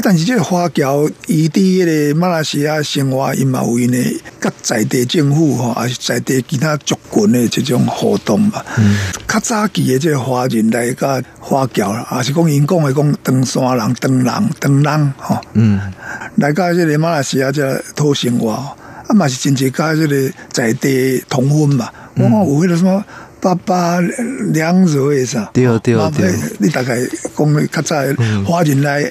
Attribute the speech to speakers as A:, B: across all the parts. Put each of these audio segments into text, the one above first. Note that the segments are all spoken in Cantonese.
A: 但是即個華僑，依啲馬來西亞生活，因有為呢，佢在地政府嗬，啊，在地其他族群嘅這種活動吧。嗯，較早期嘅即個華人來加華僑啦，啊，講因講嘅講唐山人、唐人、唐人，嗯，來加即係馬來西亞即係討生活，啊，嘛是真係加即係在地通婚嘛。嗯，有嗰啲什麼爸爸娘惹啥，對、哦、對、哦、爸爸對、哦對哦，你大概講你較早華人來。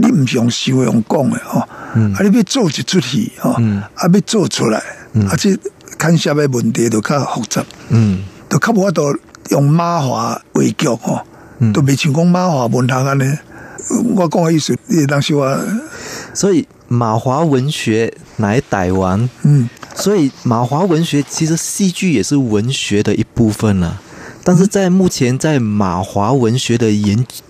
A: 你唔用形用講嘅吼，啊！你要做一出戲吼，啊！要做出來，嗯、啊，且看蝦米問題都較複雜，嗯，都冇法度用馬華為局，吼、哦，都未成功馬華文學安尼，我講嘅意思，你當時話，所以馬華文學乃歹王，嗯，
B: 所以馬華文學其實戲劇也是文學的一部分啦，但是在目前在馬華文學的研究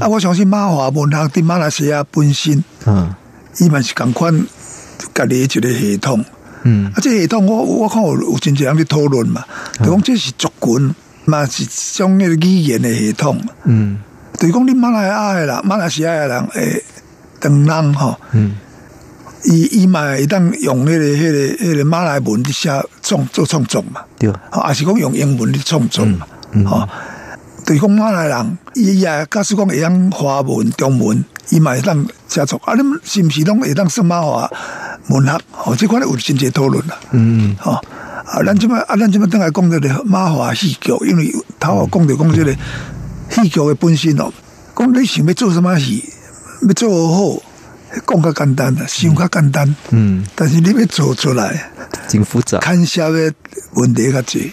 A: 啊！我相信馬華文學啲馬來西亞本身，嗯，伊嘛是共款家己一個系統，嗯，啊，即、這個、系統我我看有真濟人佇討論嘛，嗯、就講、是、這是族群，嘛是迄種語言嘅系統，嗯，就講、是、你馬來西亞嘅人，馬來西亞嘅人誒，等人嗬，嗯，伊伊嘛會當用、那個迄、那個那個馬來文啲寫創作創作嘛，對，啊，就是講用英文啲創作嘛，哦。對講馬來的人，伊也假使講會曉華文、中文，伊嘛會曉寫作。啊，你是唔是攏會曉說馬華文學？哦、喔，即款咧有真濟討論啦。嗯，哦、喔，啊，咱今日啊，咱今日等下講到馬華戲劇，因為頭先講到講即個戲劇的本身咯。講、嗯、你想要做什麼事，要做好好，講較簡單想較簡單。嗯，但是你要做出來，真複雜，看下問題較濟。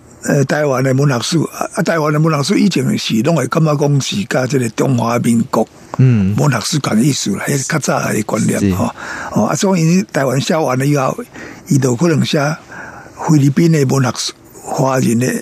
A: 誒，台灣嘅文學史，啊，台灣嘅文學史以前是攏會感覺講是甲即個中華民國，嗯，文學史咁嘅意思啦，係較早嘅觀念嗬，哦，所以台灣寫完啦以後，伊就可能寫菲律賓嘅文學史，華人嘅。